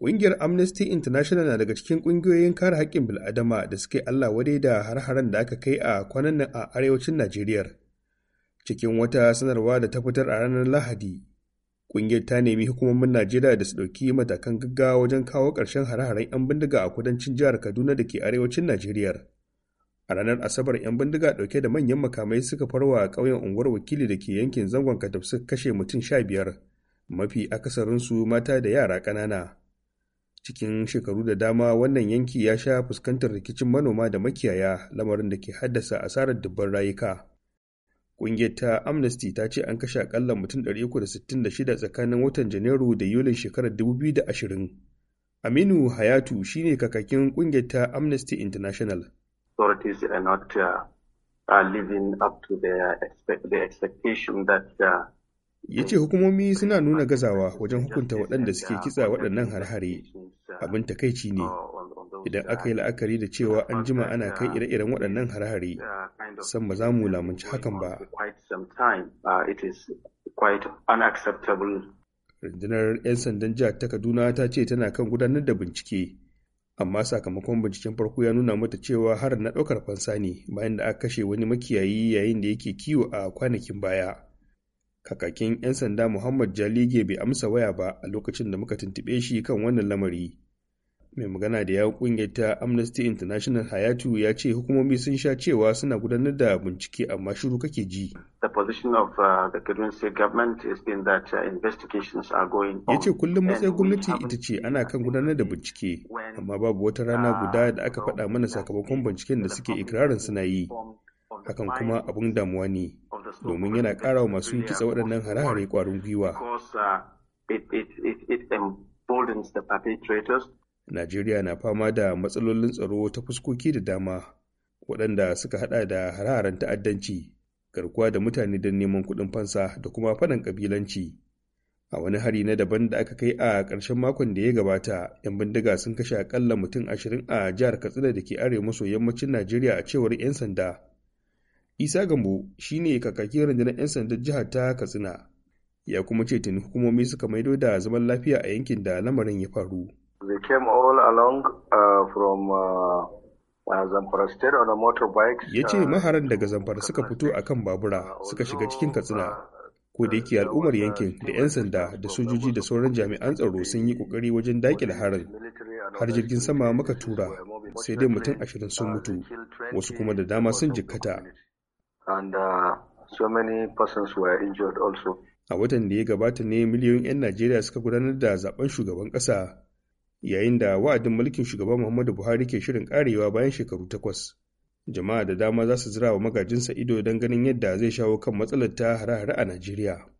Ƙungiyar Amnesty International na daga cikin ƙungiyoyin kare haƙƙin bil'adama da suke Allah wadai da har-haren da aka kai a kwanan nan a arewacin Najeriya. Cikin wata sanarwa da ta fitar a ranar Lahadi, ƙungiyar ta nemi hukumomin Najeriya da su ɗauki matakan gaggawa wajen kawo ƙarshen har-haren 'yan bindiga a kudancin jihar Kaduna da ke arewacin Najeriya. A ranar Asabar 'yan bindiga ɗauke da manyan makamai suka farwa a ƙauyen unguwar wakili da ke yankin zangon katab suka kashe mutum sha biyar, mafi akasarinsu mata da yara ƙanana. cikin shekaru da dama wannan yanki ya sha fuskantar rikicin manoma da makiyaya lamarin da ke haddasa asarar dubban rayuka ƙungiyar ta amnesty ta ce an kashe akalla mutum 366 tsakanin watan janairu da yulin shekarar 2020 aminu hayatu shine kakakin ƙungiyar ta amnesty international uh, uh, ya ce hukumomi suna nuna gazawa wajen hukunta waɗanda suke kitsa waɗannan har-hare abin takaici ne oh, idan aka yi la'akari da cewa an jima ana kai ire-iren waɗannan hare-hare san ba za mu lamunci hakan ba uh, rundunar 'yan sandan jihar ta kaduna ta ce tana kan gudanar da bincike amma sakamakon binciken farko ya nuna mata cewa har na ɗaukar fansa ne bayan da aka kashe wani makiyayi yayin da yake kiwo a kwanakin baya kakakin 'yan sanda muhammad jalige bai amsa waya ba a lokacin da muka tuntuɓe shi kan wannan lamari mai magana da ya kungiyar ta amnesty international hayatu ya ce hukumomi sun sha cewa suna gudanar da bincike amma shiru kake ji the position uh, uh, yace kullum matsayin gwamnati ita ce ana kan gudanar da bincike amma babu wata rana guda da aka faɗa mana sakamakon binciken da suke ikirarin suna yi hakan kuma abin damuwa ne domin yana ƙara masu kitsa waɗannan hare-hare kwarin gwiwa uh, najeriya na fama da matsalolin tsaro ta fuskoki da dama waɗanda suka hada da hararen ta'addanci garkuwa da mutane don neman kuɗin fansa da kuma faɗan ƙabilanci a wani hari na daban da aka kai a ƙarshen makon da ya gabata 'yan bindiga sun kashe akalla mutum ashirin a jihar katsina da ke arewa maso yammacin najeriya a cewar 'yan sanda isa gambo shine kakakin rundunar 'yan sandan jihar ta katsina ya kuma ce tuni hukumomi suka maido da zaman lafiya a yankin da lamarin ya faru came all along uh, from uh, uh ya ce uh, maharan daga zamfara suka fito a kan babura uh, suka shiga cikin katsina ko da yake al'ummar yankin da 'yan sanda da sojoji da sauran jami'an tsaro sun yi kokari wajen daƙile harin har jirgin sama maka tura sai dai mutum ashirin sun mutu wasu kuma da dama sun jikkata a watan da ya gabata ne miliyoyin 'yan najeriya suka gudanar da zaben shugaban ƙasa yayin da wa'adin mulkin shugaba Muhammadu Buhari ke shirin karewa bayan shekaru takwas. Jama'a da dama za su zira wa magajinsa ido don ganin yadda zai shawo kan matsalar ta hare-hare a Najeriya.